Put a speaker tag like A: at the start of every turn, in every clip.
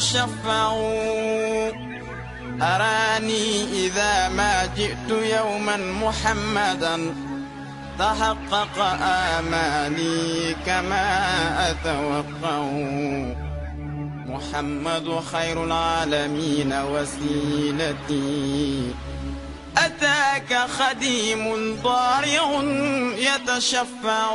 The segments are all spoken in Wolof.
A: شفعوا أراني إذا ما جئت يوما محمدا تحقق آماني كما أتوقع محمد خير العالمين وسيلتي أتاك خديم ضارع يتشفع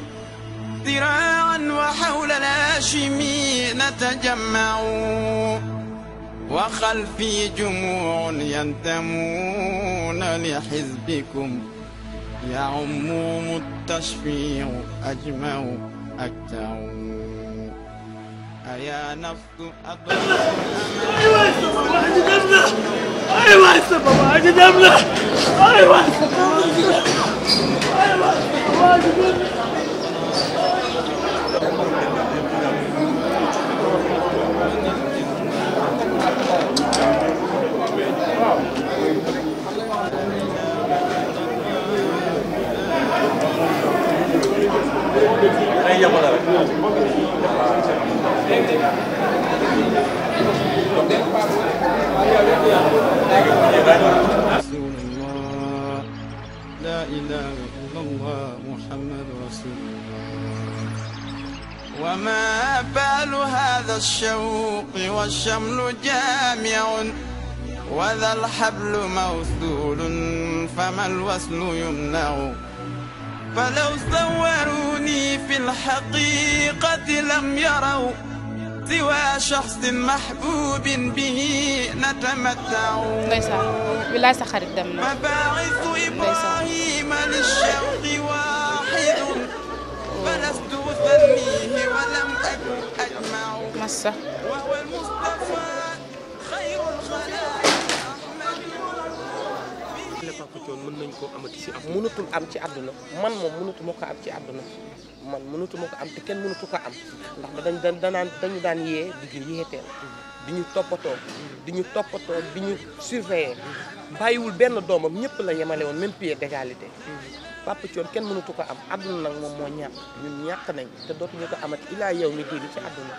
A: ذراعا وحول الهاشمي نتجمع وخلفي جموع ينتمون لحزبكم يعمهم التشفيع أجمع أكتع أيا نفس أضرب
B: أيوة يا سبب أجد أمنع
A: أيوة يا سبب أجد
B: أمنع أيوة يا سبب أجد أمنع أيوة يا سبب أجد أمنع
A: والشمل جامع وذا الحبل موصول فما الوصل يمنع فلو صوروني في الحقيقة لم يروا سوى شخص محبوب به نتمتع بالله سخر الدم مباعث إبراهيم للشوق واحد فلست أثنيه ولا مسه
C: mën nañ koo amati mënatul am ci àdduna man moom mënatu ko am ci àdduna man mënatu ko am te kenn mënatu ko am ndax dañ da danaan dañu daan yee di ñu yeeteel di ñu toppatoo di ñu toppatoo ñu surveiller bàyyiwul benn doomam ñëpp la yemale woon même d'égalité Papa coon kenn mënatu ko am àdduna nag moom moo ñàkk ñun ñàkk nañ te dootuñu ko amati ilaa yow mi diini ci àdduna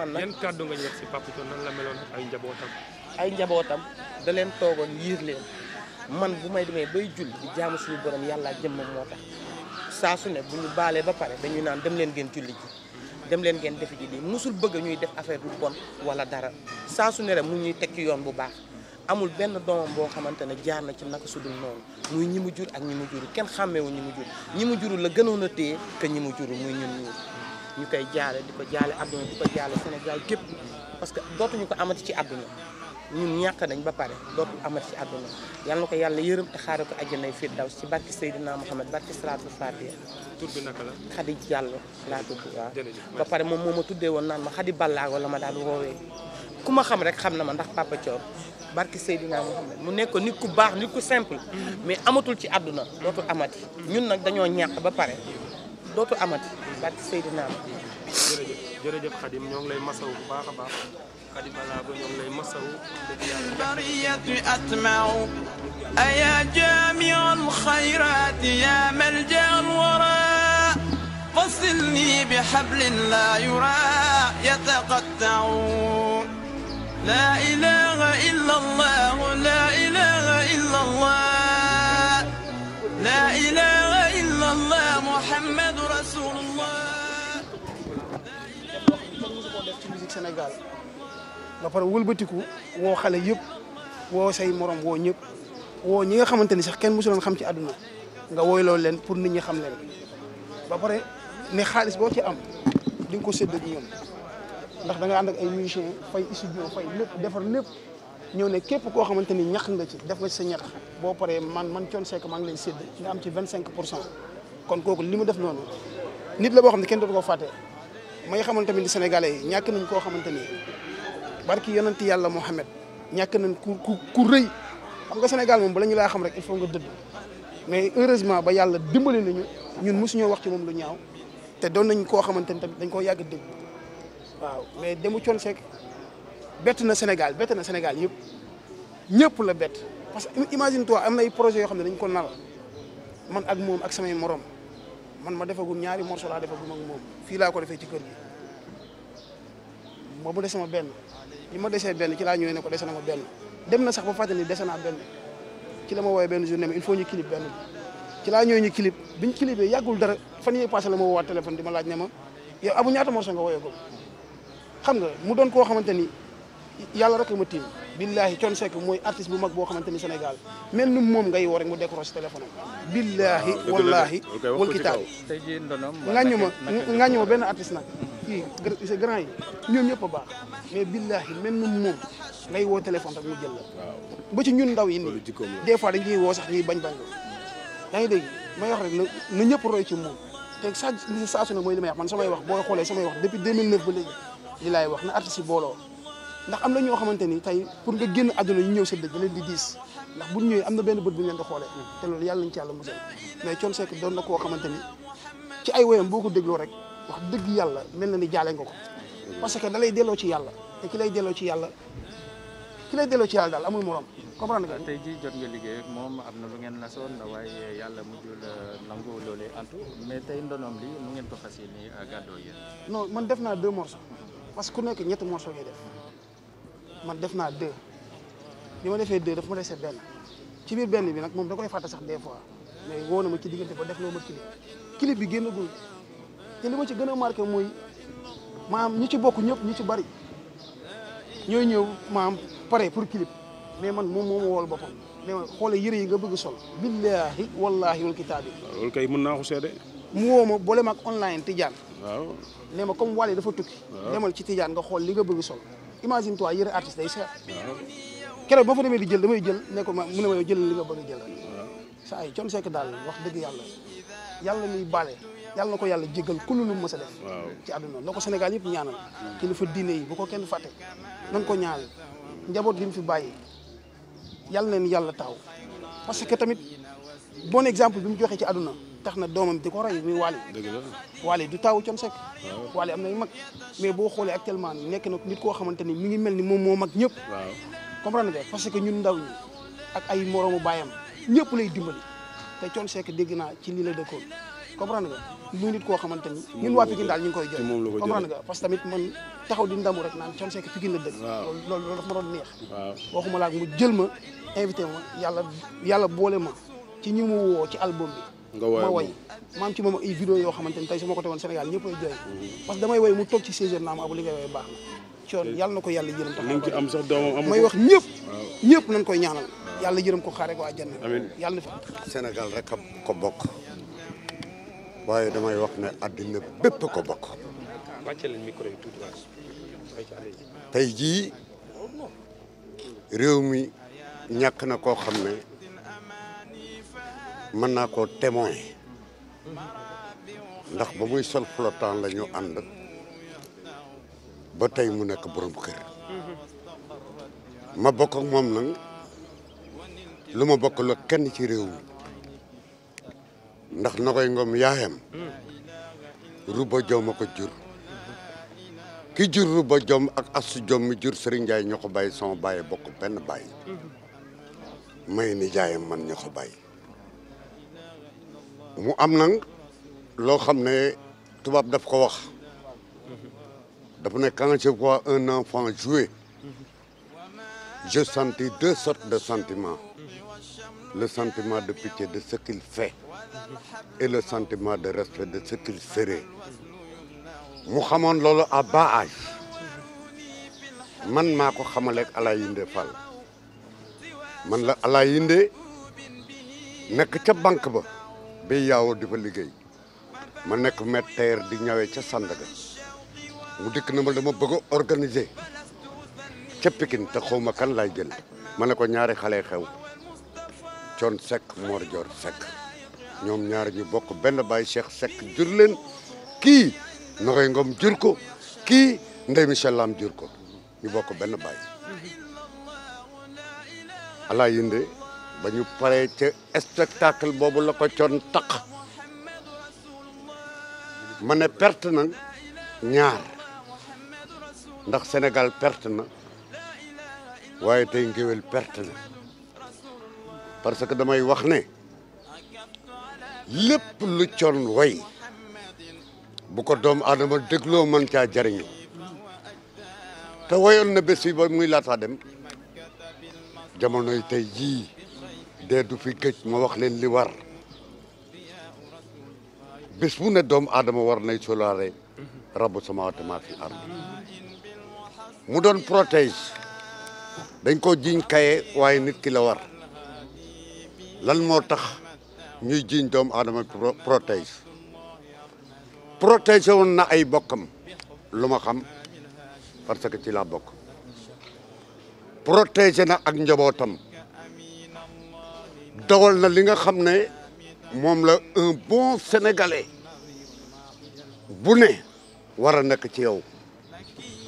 C: man nag yan kàddu nga ñu wax si Papa Thione nan la meloon ay njabootam. ay njabootam da leen toogoon yiir leen man bu may demee bay julli di jaamu suñu borom yàlla jëmmam moo tax saa su ne bu ñu baalee ba pare dañuy naan dem leen ngeen julli ji dem leen ngeen defi ji lii mosul bëgg ñuy def affaire bu bon wala dara saa su ne rek mu ñuy teg yoon bu baax amul benn doomam boo xamante ne jaar na ci naka sudul noonu muy ñi mu jur ak ñi mu jur kenn xàmmeewu ñi mu jur ñi mu jurul la gënoon a téye que ñi mu jurul muy ñii ñu koy jaare di ko jaale àdduna di ko jaale Sénégal gépp parce que dootuñu ko amati ci àdduna ñun ñàkk dañ ba pare dootul amati ci àdduna yal na ko yàlla yërëm xaare ko àjjana yi fii daw si barki Seydina Mohamed barki Salatul Fatiha. tur bi naka la Xadi Diallo laa tudd waaw. ba pare moom moo ma tuddee woon naan ma Xadi ma daal woowee ku ma xam rek xam na ma ndax Papa Thior barki Seydina Mohamed mu nekkoon nit ku baax nit ku simple. Mm. mais amatul ci àdduna dootu amati. ñun nag dañoo ñàkk ba pare. dootu amati barke Seydina am. jërëjëf jërëjëf Khadim ñoo ngi lay masawu bu baax a baax Khadim balaa ba ñoo ngi lay masawu.
A: bariyatu atmau aya jamiu alxayrat ya malja alwara fasilni bi hablin la yura yataqattau la ilaha illa allah la ilaha illa allah
D: la ilaha illallah Muhammadu rasulullah. def ci musique nga pare wëlbatiku woo xale yëpp woo say morom woo ñëpp woo ñi nga xamante ni sax kenn mosu xam ci àdduna nga woyloo leen pour nit ñi xam leen ba pare ne xaalis boo ci am di nga ko sédd ak ñoom ndax da nga ànd ak ay musiciens fay studio fay lépp defar lépp. ñëw ne képp koo xamante ni ñax nga ci def nga ci sa ñax boo paree man man Thione Seck man ngi lay sédd nga am ci vingt cinq pour cent kon kooku li mu def noonu nit la boo xam ne kenn dootu ko fàtte may xamal tamit ni sénégalais yi ñàkk nañ koo xamante ni barki yonanti yàlla Mouhamed ñàkk nañ ko ku ku rëy xam nga Sénégal moom bala ñu laa xam rek il faut nga dëdd mais heureusement ba yàlla dimbali nañu ñun mosuñoo wax ci moom lu ñaaw te doon nañ koo xamante ni tamit dañ koo yàgg dégg waaw mais demu Thione Seck bett na Sénégal bett na Sénégal yëpp ñëpp la bett parce que imagine toi am na ay projets yoo xam ne dañ ko nal man ak moom ak samay moroom man ma defagum ñaari morceau laa defagum ak moom fii laa ko defee ci kër gi ma mu dese ma benn li ma desee benn ci laa ñëwee ne ko dese na ma benn dem na sax ba fàttali dese naa benn ci la ma woowee benn journée il faut ñu clip benn ci laa ñëwee ñu clip biñ clipee yàggul dara fan yee passé la ma woowaat téléphone di ma laaj ne ma yow abu ñaata morceau nga woyee ko xam nga mu doon koo xamante ni yàlla rek la ma tiim billaahi Thione Seck mooy artiste bu mag boo xamante ni Sénégal mel ni moom ngay woo rek mu décroche téléphone am billaahi wallaahi wal kitaabi
E: ngañu ma ngañu ma benn
D: artiste nag kii c'est grand yi ñoom ñëpp a baax mais billaahi mel ni moom ngay woo téléphone rek mu jël la ba ñun ndaw yi nii des fois dañuy woo sax ñuy bañ bañ la yaa ngi dégg may wax rek na ñëpp roy ci moom te saa saa su ne mooy li may wax man samay wax boo xoolee samay wax depuis 2009 ba léegi li laay wax na artiste yi booloo ndax am na ñoo xamante ni tey pour nga génn àdduna ñu ñëw sa dëj da leen di diis ndax bu ñëwee am na benn bët bu ñu leen di xoolee te loolu yàlla nañ ci yàlla musal mais koo xamante ni ci ay woyam boo ko dégloo rek dëgg yàlla mel na ni jaale nga ko parce que da lay delloo ci yàlla te ki lay delloo ci yàlla ki lay delloo ci yàlla daal amul morom
F: comprendre nga. tey jii jot nga
C: liggéey moom am na lu ngeen nasoon waaye yàlla mujjul nangu loolee antu mais tey ndonoom li mu ngeen ko fas yéene gàddoo yéen.
D: non man def naa deux morceaux parce que ku nekk ñetti morceaux ngay def man def naa deux bi ma defee deux daf ma dese benn ci biir benn bi nag moom da koy fàtte sax des fois mais woo na ci diggante ba def loo ma clip clip bi génnagul te li ma ci gën a marke mooy maam ñi ci bokk ñëpp ñu ci bari ñooy ñëw maam pare pour clip mais man moom moo ma wool boppam mais man xoole yëre yi nga bëgg sol billaahi wallaahi wal kitaabi loolu kay mën naa ko seede mu woo ma boole ma ak online Tidiane waaw ne ma comme Wally dafa tukki demal ci Tidiane nga xool li nga bëgg sol imagine toi yëre artiste day sa keroog boo fa demee di jël damay jël nekkul ma mu ne ma yow jël li nga bëgg a jël saa yi Thione daal wax dëgg yàlla yàlla muy baale yàlla na ko yàlla jégal kullu lu sa a def ci àdduna na ko Sénégal yëpp ñaanal kilifa diine yi bu ko kenn fàtte nan ko ñaanal njaboot gi mu fi bàyyi yàlla neen yàlla taxaw parce que tamit bon exemple bi mu joxee ci adduna tax na doomam di ko roy muy Waly. la Waly du taawu Thione Seck. waaw am na mag. mais boo xoolee actuellement nekk na nit koo xamante ni mi ngi mel ni moom moo mag ñëpp. waaw parce que ñun ndaw ak ay moromu baayam ñëpp lay dimbali te Thione Seck dégg naa ci lii la dëkkoon comprendre nga muy nit koo xamante ni. ñun waa Pikine daal ñu ngi koy jël comprendre nga parce que tamit man taxaw di ndamu rek naan Thione Seck Pikine la dëkk. waaw loolu loolu dafa ma doon neex. waxuma laa mu jël ma invité ma yàlla yàlla boole ma ci ñi mu woo ci album bi nga woy ma woy ma ci moom ay vidéo yoo xamante ni tey su ma ko tegoon Sénégal ñëpp ay jooy parce que damay woy mu toog ci 16 heures naa ma abu li ngay woy baax na coon ko yàlla
G: jërëm tax ci am sax doomam amul may wax ñëpp
D: ñëpp nañ koy ñaanal yàlla jërëm ko xaare ko àjjana
G: yàlla na rek a ko bokk waaye damay wax ne àddina bépp ko bokk tey jii réew mi ñàkk na koo xam ne mën naa ko témoin ndax ba muy sol flottant la ñu ba tey mu nekk borom kër ma bokk moom nag lu ma bokk la kenn ci réew mi ndax na koy ngoom yaayam ruba joom a ko jur ki jur ruba joom ak asu joom mi jur Serigne Ndiaye ñoo ko bàyyi sama bàyyi bokk benn bàyyi may ni jaayam man ñoo ko mu am nag loo xam ne tubaab daf ko wax dafa ne quand je vois un enfant jouer je sentis deux sortes de sentiment le sentiment de pitié de ce qu'il fait et le sentiment de respect de ce qu'il ferait mu xamoon loolu à bas âge man maa ko xamaleeg Alaay Yinde Fall man la Alaay Yinde nekk ca banque ba bay yaawoo di fa liggéey ma nekk métteer di ñawee ca Sandaga mu dikk na ma dama bëgg a organiser ca Pikine te xaw ma kan laay jël ma ne ko ñaari xale xew Thione Seck Mor Dior ñoom ñaar ñu bokk benn baay Cheikh sekk jur kii Nogoy Ngom jur ko kii Ndey Michel Lam jur ko ñu bokk benn baay mm-hmm. ala yinde ba ñu paree ca spectacle boobu la ko coon taq mane ne perte na ñaar ndax senegal perte na waaye tey ngéwél perte na parce que damay wax ne lépp lu coon way bu ko doomu aadama dégloo mën caa jariñu te woyoon na bés yi ba muy laata dem jamonoy tey jii dee du fi gëj ma wax leen li war bés bu ne doomu aadama war nay solaare rabu samaawaati maa fi ard mu doon protège dañ ko jiñ kaye waaye nit ki la war lan moo tax ñuy jiñ doomu aadama protège protégé woon na ay bokkam lu ma xam parce que ci la bokk protégé na ak njabootam dogal na li nga xam ne moom la un bon sénégalais bu ne war a nekk ci yow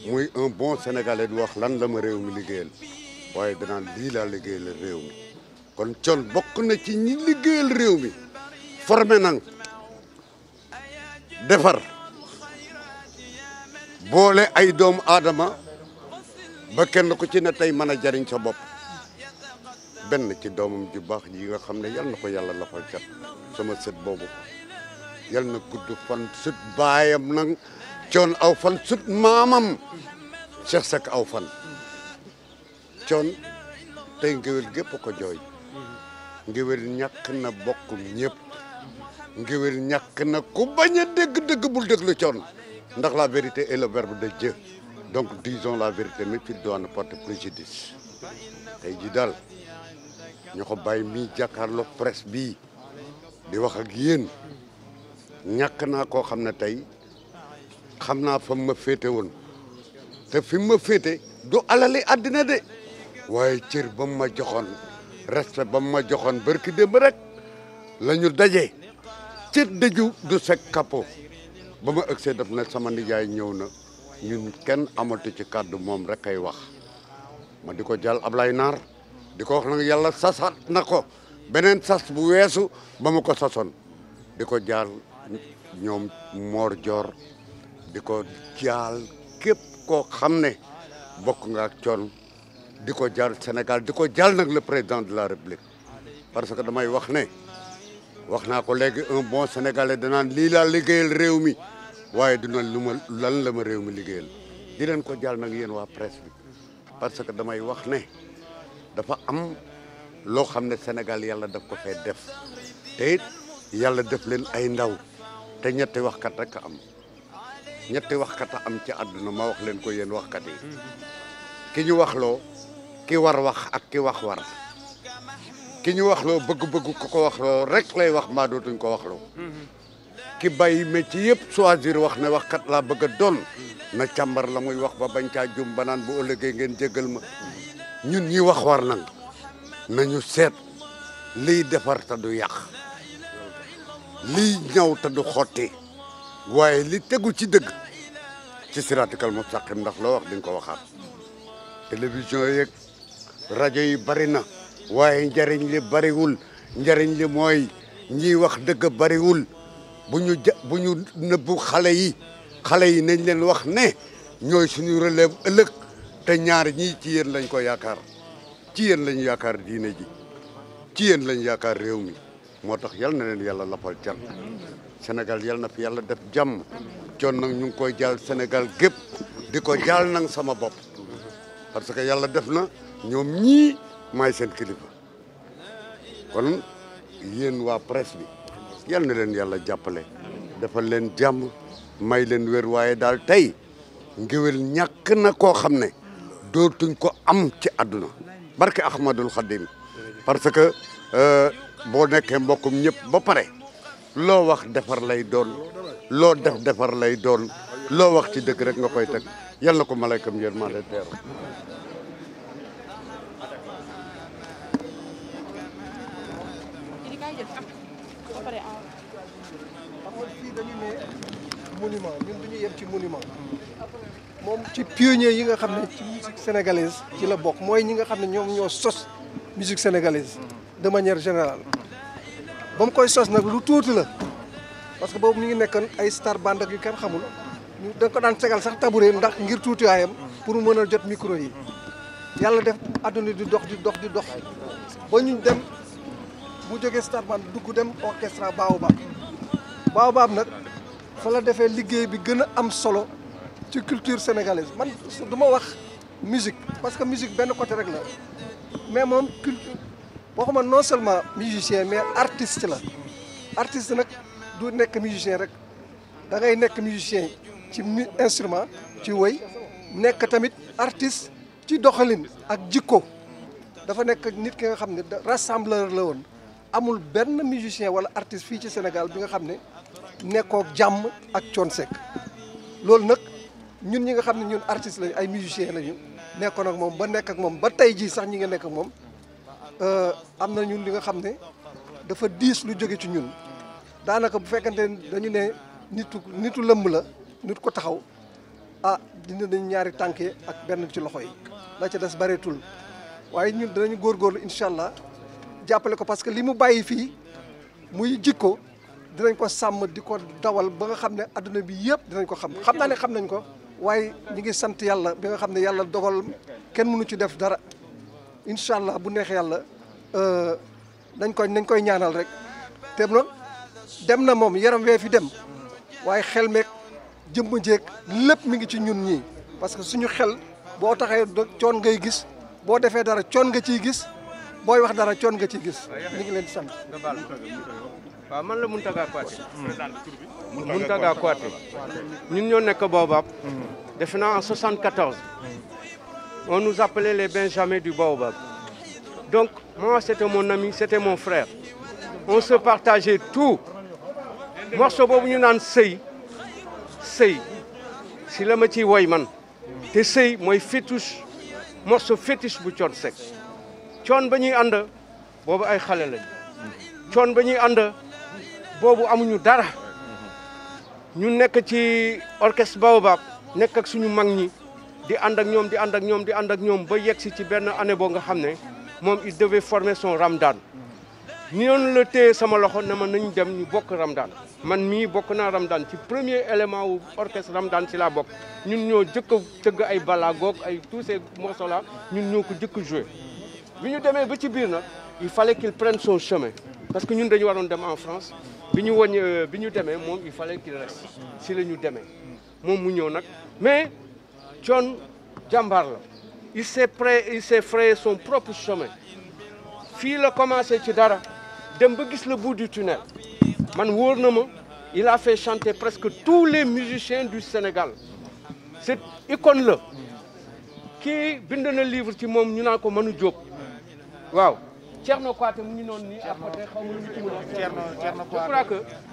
G: muy un bon sénégalais du wax lan la ma réew mi liggéeyal waaye danaan lii laa liggéeyal réew mi kon Thione bokk na ci ñi liggéeyal réew mi formé nañ defar boole ay doomu aadama ba kenn ku ci ne tey mën a jariñ sa bopp benn ci doomam ju baax yi nga xam ne yal na ko yàlla la fal cat sama set boobu yal na gudd fan sut baayam nag coon aw fan sut maamam Cheikh aw fan coon tey ngéwél gépp ko jooy ngéwél ñàkk na bokkum ñëpp ngéwél ñàkk na ku bañ a dégg-dégg bul déglu coon ndax la vérité est le de Dieu donc disons la vérité mais tu dois ne porter préjudice tey ji daal ñoxo bay mi jàkkaarloo presse bi di wax ak yéen ñàkk naa koo xam ne tey xam naa fa ma féete woon te fi ma féete du alali àddina de waaye cër ba mu ma joxoon respect ba mu ma joxoon barki démb rek la ñu daje cër dëju du sec capot ba ma ëgsee daf ne sama nijaay ñëw na ñun kenn amatu ci kàddu moom rek ay wax ma di ko jàll Ablaye Naar di ko wax nag yàlla sasaat na ko beneen sas bu weesu ba mu ko sasoon di ko jaar ñoom moor joor di ko jaal képp koo xam ne bokk nga ak coon di ko jaal Sénégal di ko jaal nag la président de la République parce que damay wax ne wax naa ko léegi un bon sénégalais danaan lii laa liggéeyal réew mi waaye du na lu ma lan la ma réew mi liggéeyal di leen ko jaal nag yéen waa presse bi parce que damay wax ne dafa am loo xam ne Sénégal yàlla daf ko fee def te yàlla def leen ay ndaw te ñetti waxkat rek am ñetti waxkat am ci àdduna ma wax leen ko yéen waxkat yi ki ñu loo ki war wax ak ki wax war ki ñu waxloo bëgg-bëgg ku ko waxloo rek lay wax maa dootuñ ko waxloo ki bàyyi métier yëpp choisir wax ne waxkat laa bëgg a doon na càmbar la muy wax ba bañ caa ba naan boo ëllëgee ngeen jéggal ma ñun ñi wax war nañ nañu seet liy defar te du yàq liy ñaw te du xotti waaye li tegu ci dëgg ci siraatikal mustaqim ndax loo wax di nga ko waxaat télévision yeeg rajo yi bari na waaye njariñ li bariwul njariñ li mooy ñiy wax dëgg bariwul bu ñu ja bu ñu nëbbu xale yi xale yi nañ leen wax ne ñooy suñu relève ëllëg te ñaar ñii ci yéen lañ ko yaakaar ci yéen lañu yaakaar diine ji ci yéen lañ yaakaar réew mi moo tax yal na leen yàlla lafal cat Sénégal yal na fi yàlla def jàmm coon nag ñu ngi koy jaal senegal gépp di ko jaal nag sama bopp parce que yàlla def na ñoom ñii maay seen kilifa kon yéen waa presse bi yal leen yàlla jàppale defal leen jàmm may leen wér waaye daal tey ngéwél ñàkk na koo xam ne dootuñ ko am ci àdduna barke Ahmadul Xadim parce que euh, boo nekkee mbokkum ñëpp ba pare loo wax defar lay doon loo def defar lay doon loo wax ci dëkk rek nga koy teg yal na ko malaykam yërmande teeru
F: monument ñun moom ci pionnier yi nga xam ne ci musique sénégalaise ci la bokk mooy ñi nga xam ne ñoom ñoo sos musique sénégalaise de manière générale ba mu koy sos nag lu tuuti la parce que boobu mi ngi nekkoon ay star band yu kenn xamul ñu da ko daan segal sax tabure ndax ngir tuutiwaayam pour mu mën a jot micro yi yàlla def àdduna di dox di dox di dox ba ñu dem mu jógee star band dugg dem orchestre Baobab Baobab nag fa la defee liggéey bi gën a am solo ci culture sénégalaise man du wax musique parce que musique benn côté rek la mais moom culture waxuma non seulement musicien mais artiste la artiste nag du nekk musicien rek da ngay nekk musicien ci instrument ci woy nekk tamit artiste ci doxalin ak jikko dafa nekk nit ki nga xam ne rassembleur la woon amul benn musicien wala artiste fii ci Sénégal bi nga xam ne nekkook jàmm ak Thione loolu nag ñun ñi nga xam ne ñun artiste lañu ay musicien lañu nekkoon ak moom ba nekk ak moom ba tey jii sax ñi nga nekk ak moom euh, am na ñun li nga xam ne dafa diis lu jóge ci ñun daanaka bu fekkante dañu ne nittu nitu lëmb la nit ko taxaw ah dina dañ ñaari tànk ak benn ci loxo yi la ci des bareetul waaye ñun danañu góorgóorlu incha allah jàppale ko parce que li mu bàyyi fii muy jikko dinañ ko sàmm di ko dawal ba nga xam ne àdduna bi yëpp dinañ ko xam xam naa ne xam nañ ko waaye ñi ngi sant yàlla bi nga xam ne yàlla dogal kenn mënu ci def dara incha allah bu neex yàlla dañ euh, koy nañ koy ñaanal rek te nag dem na moom yaram wee fi dem waaye xel meeg jëmm jeeg lépp mu ngi ci ñun ñii parce que suñu xel boo taxee coon ngay gis boo defee dara coon nga ciy gis booy wax dara coon nga ciy gis
H: ñu ngi leen sant waaw man la Mountaga Kouaté. Mountaga hmm. Kouaté ñun ñoo nekk Baobab. Hmm. defe naa en 74. on nous appelait les Benjamins du Baobab. donc moi c'était mon ami c'était mon frère. on se partageait tout. morceau boobu ñu naan sëy sëy si la ma ciy woy man. te sëy mooy fétiche morso fétiche bu coon sec. coon ba ñuy ànd boobu ay xale lañ. coon ba ñuy ànd. boobu amuñu dara ñu nekk ci orchestre Baobab nekk ak suñu mag ñi di ànd ak ñoom di ànd ak ñoom di ànd ak ñoom ba yegg si ci benn année boo nga xam ne moom il devait former son ramadan noonu la téye sama loxo ne ma nañu dem ñu bokk ramadan man mi mii bokk naa daan ci premier élément wu ram ramadan ci laa bokk ñun ñoo jëkk a tëgg ay balagoog ay tous ces ñun ñoo ko jëkk a joué bi ñu demee ba ci biir nag il fallait qu'il prenne son chemin parce que ñun dañu waroon dem en France bi ñu woñ euh, bi ñu demee moom il fallait qu'il reste si la ñu demee moom mu ñëw nag mais Thione jàmbaar la il s'est prêt il s'est frayé son propre chemin fii la commencé ci dara dem ba gis le bout du tunnel man wóor na ma il a fait chanter presque tous les musiciens du Sénégal c'est icône la kii bind na livre ci moom ñu naan ko Manu Diop waaw Thierno Kouaté mu ngi noon nii à côté xaw ma lu ci mën a. Thierno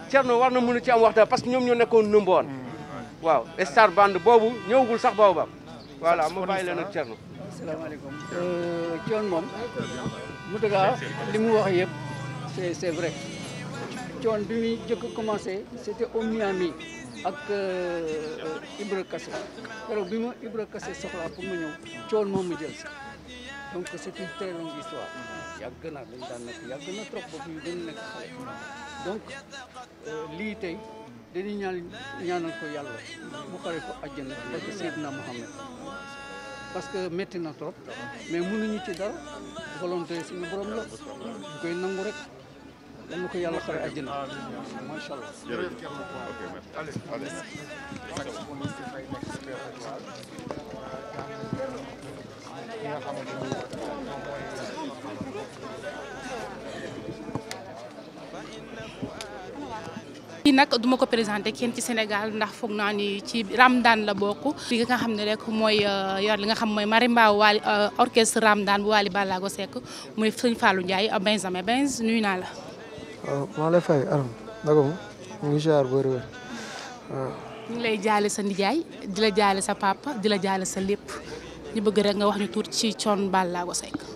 H: Thierno war na mën ci am waxtaan parce que ñoom ñoo nekkoon number one. Mm. waaw star band boobu ñëwagul sax boobu ba. voilà ma bàyyi leen ak Thierno.
F: asalaamaaleykum euh, Thione moom Moutaga li mu wax yëpp c'est c'est vrai Thione bi muy jëkk commencé c'était au Miami ak euh, Ibra Kassé keroog bi mu Ibra Kassé soxlaa pour ma ñëw Thione moom mu jël donc c'est une très yàgg na dañ daan nekk yàgg na trop boobu ñu gën nekk xale donc euh, lii tey dañuy ñaanal ko yàlla mu xare ko àjjana parce que Seydina Mohamed parce que métti na trop mais mënuñu ci dara volonté suñu borom la ñu koy
D: nangu rek dañu ko yàlla xare àjjana macha allah.
I: kii nag duma ko présenté kenn ci Sénégal ndax foog naa ni ci Raamdaan la bokk li nga xam ne rek mooy euh, yor li nga xam mooy marimba Waly euh, orchestre Raamdaan bu Waly Ballago Seck muy sëñ Fallou Ndiaye euh, Benjamin Benz nuyu naa la
J: waaw maa lay fay aram naka mu ngi ziar bu wér-wér waaw
I: lay jaale sa nijaay di la jaale sa papa di la jaale sa lépp ñu bëgg rek nga wax ñu tuut ci Thione Ballago Seck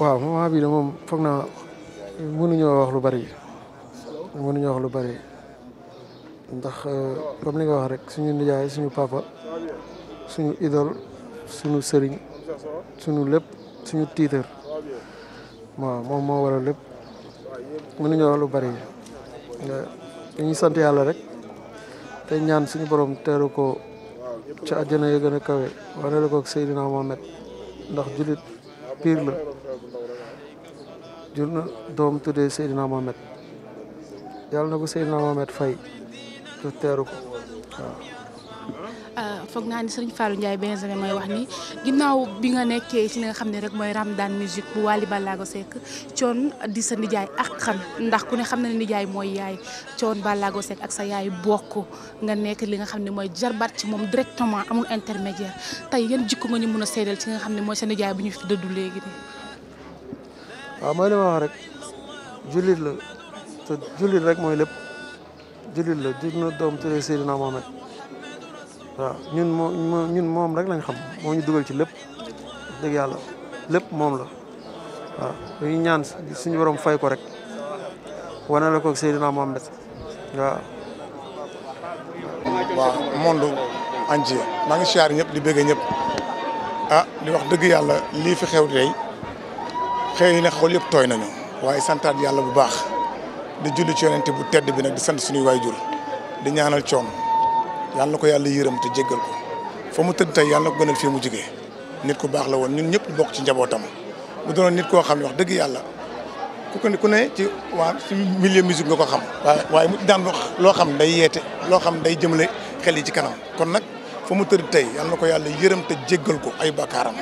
J: waaw moment bii de moom foog naa mënuñoo wax lu bari mënuñoo wax lu bari ndax euh, comme li nga wax rek suñu nijaay suñu papa suñu idole suñu sëriñ suñu lépp suñu tiitër waaw moom moo waral lépp mënuñoo wax lu bari dañuy sant yàlla rek te ñaan suñu borom teeru ko ca àjjana ya gën a kawe wane la ko ak Seydina Mohamed ndax jullit piir la jur na doom tuddee Seydina Mohamed yàlla na ko Seydina Mohamed fay te teeru ko waaw.
I: Ah, foog naa ni sëriñ Fallou Ndiaye Benjamin mooy wax ni ginnaaw bi nga nekkee ci li nga xam ne rek mooy Ramadan musique bu Wally Ballago Seck coon di sa nijaay ak xam ndax ku ne xam na ne nijaay mooy yaay coon Ballago Seck ak sa yaay bokk nga nekk li nga xam ne mooy jarbaat ci moom directement amul intermédiaire tey yan jikko nga ñu mun a seedal ci nga xam ne mooy sa nijaay bu ñu fi dëddu léegi
J: waaw mooy li ma jullit la te jullit rek mooy lépp jullit la jur na doom tudde Seydina Mohamed waaw ñun moom ñun moom rek lañ xam moo ñu dugal ci lépp dëgg yàlla lépp moom la waaw dañuy ñaan suñu borom fay rek wane la ko Seydina Mohamed
K: maa ngi siyaar ñëpp di bëgg ñëpp ah li wax dëgg yàlla lii fi xew tey. xëy na xool yëpp tooy nañu waaye santaat yàlla bu baax di julli ci yonente bu tedd bi nag di sant suñuy waay jur di ñaanal coon yàlla na ko yàlla yërëm te jéggal ko fa mu tëdd tey yàlla na ko mu jigee nit ku baax la woon ñun ñëpp bokk ci njabootam mu doonoon koo xam ne wax dëgg yàlla ku ko ku ne ci waa ci milieu musique nga ko xam waaye mu daan loo xam day yeete loo xam day jëmale xel yi ci kanam kon nag fa mu tëdd tey yàlla na ko yàlla yërëm te jéggal ko ay bakkaaram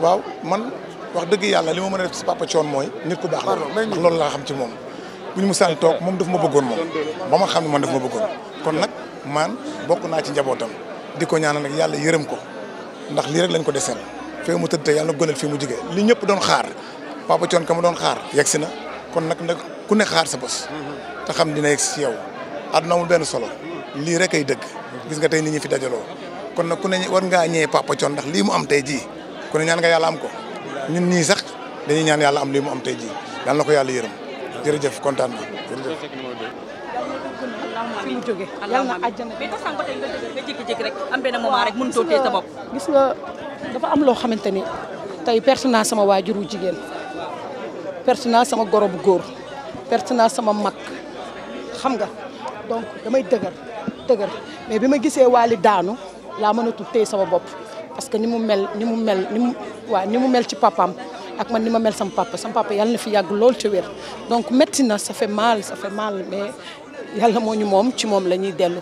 K: waaw man wax dëgg yàlla li ma mën a def si papa Thione mooy nit ku baax la ndax loolu laa xam ci moom bu ñu musaan toog moom daf ma bëggoon moom ba ma xam ne man daf ma bëggoon kon nag maan bokk naa ci njabootam di ko ñaanal nag yàlla yërëm ko ndax lii rek lañ ko deseel fee mu tëdd te yàlla na gënal fii mu jigee li ñëpp doon xaar papa ka ma doon xaar yegg si na kon nag nag ku ne xaar sa bos te xam dina yegg si yow àdduna amul benn solo lii rek ay dëgg gis nga tey nit ñi fi dajaloo kon nag ku ne war ngaa ñëwee papa Thione ndax lii mu am tey jii ku ne ñaan nga yàlla am ko ñun ñii sax dañuy ñaan yàlla am lii mu am tey jii yàlla na ko yàlla yërëm jërëjëf kontaan na
J: jërëjëf.
I: fi mu jóge yàlla na àjjana mais dafa am tey nga gis nga dafa am loo xamante ni tey perte sama waajur wu jigéen perte naa sama goro bu góor perte naa sama mag xam nga donc damay dëgër dëgër mais bi ma gisee waali daanu laa mënatul téye sama bopp parce que ni mu mel ni mu mel waaw ni mu mel ci papaam ak man ni ma mel sama papa sama papa yàlla na fi yàgg lool ci weer donc métti na ça fait mal ça fait mal mais yàlla moo ñu moom ci moom la ñuy dellu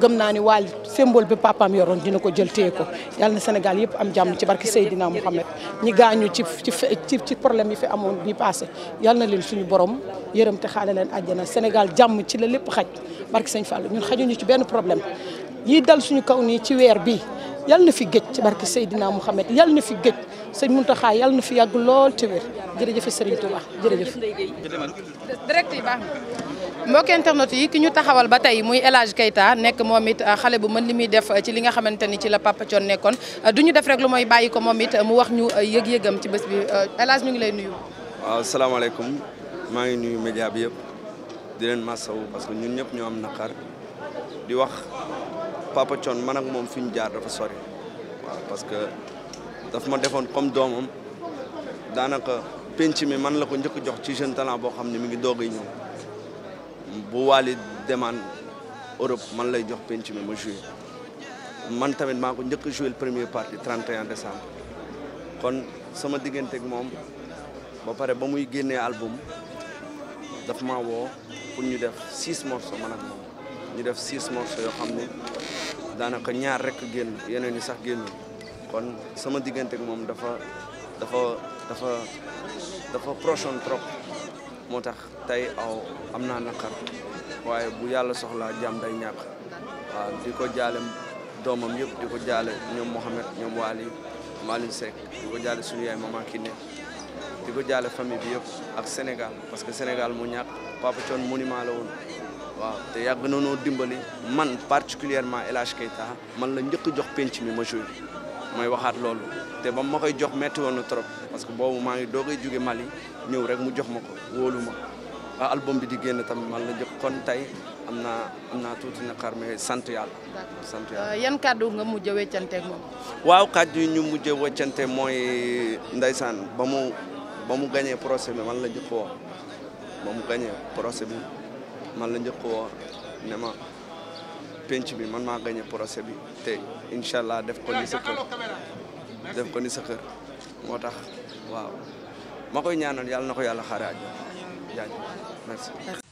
I: gëm naa ni waal symbole bi papaam yoroon dina ko jël téye ko yàlla na Sénégal yëpp am jàmm ci barke Seydina Mouhamed ñi gaañu ci ci ci problème yi fi amoon bi passé yàlla na leen suñu borom yërëm te xaale leen àjjana Sénégal jàmm ci la lépp xaj barke Sëñ Fallou ñun xajuñu ci benn problème yi dal suñu kaw nii ci weer bi yàlla na fi géej ci barke Seydina Mouhamed yàlla na fi géej sëñ Mountakha yàlla na fi yàgg lool te wér jërëjëf Serigne Touba jërëjëf. direct yi baax mbokk internet yi ki ñu taxawal ba tey muy El Hadj Keita nekk moom it ah, xale bu mën ni muy def ah, ci li nga xamante ni ci la Papa Thione nekkoon ah, du ñu def rek lu mooy bàyyi ko moom it mu wax ñu yëg-yëgam ci bés bi El Hadj ngi lay nuyu.
E: waaw salaamaaleykum maa ngi nuyu média bi yëpp di leen masawu parce que ñun ñëpp ñoo am naqar di wax Papa Thione man ak moom fi ñu jaar dafa sori waaw dafa ma defoon comme doomam daanaka penc mi man la ko njëkk jox ci jeune talent boo xam ne mu ngi doog a ñëw bu waali demande Europe man lay jox penc mi ma joué man tamit maa ko njëkk a joué le premier parti 31 décembre kon sama digganteeg moom ba pare ba muy génnee album dafa ma woo pour ñu def six morceaux man ak moom ñu def six morceaux yoo xam ne daanaka ñaar rek génn yeneen yi sax génn kon sama diggante ak moom dafa dafa dafa dafa prochain trop moo tax tey aw am naa naqar waaye bu yàlla soxlaa jàmm day ñàkk waaw di ko jaale doomam yëpp di ko jaale ñoom Mouhamed ñoom Waly Malick Seck di ko jaale suñu yaay Mama Kiné di ko jaale famille bi yëpp ak Sénégal parce que Sénégal mu ñàkk Papa Thione monument la woon waaw te yàgg na noo dimbali man particulièrement El Hadj Keita man la njëkk jox penc mi ma joué mooy waxaat loolu te ba ma koy jox metti na trop parce que boobu maa ngi doogay jóge Mali ñëw rek mu jox ma ko wóolu ma ah album bi di génn tamit man la jox kon tey am naa am naa tuuti na mais sant yàlla. Euh,
I: yan kàddu nga mujj a weccanteeg
E: waaw kàddu yi ñu mujj a weccante mooy ndaysaan ba mu ba mu gañee procès bi man la njëkk mu gañee procès la njëkk penc bi man maa gagné procès bi te incha allah def ko ni sa
D: kër
E: ko ni sa moo tax waaw ma koy ñaanal yàlla na ko yàlla xaaree àjjana jaajëf merci.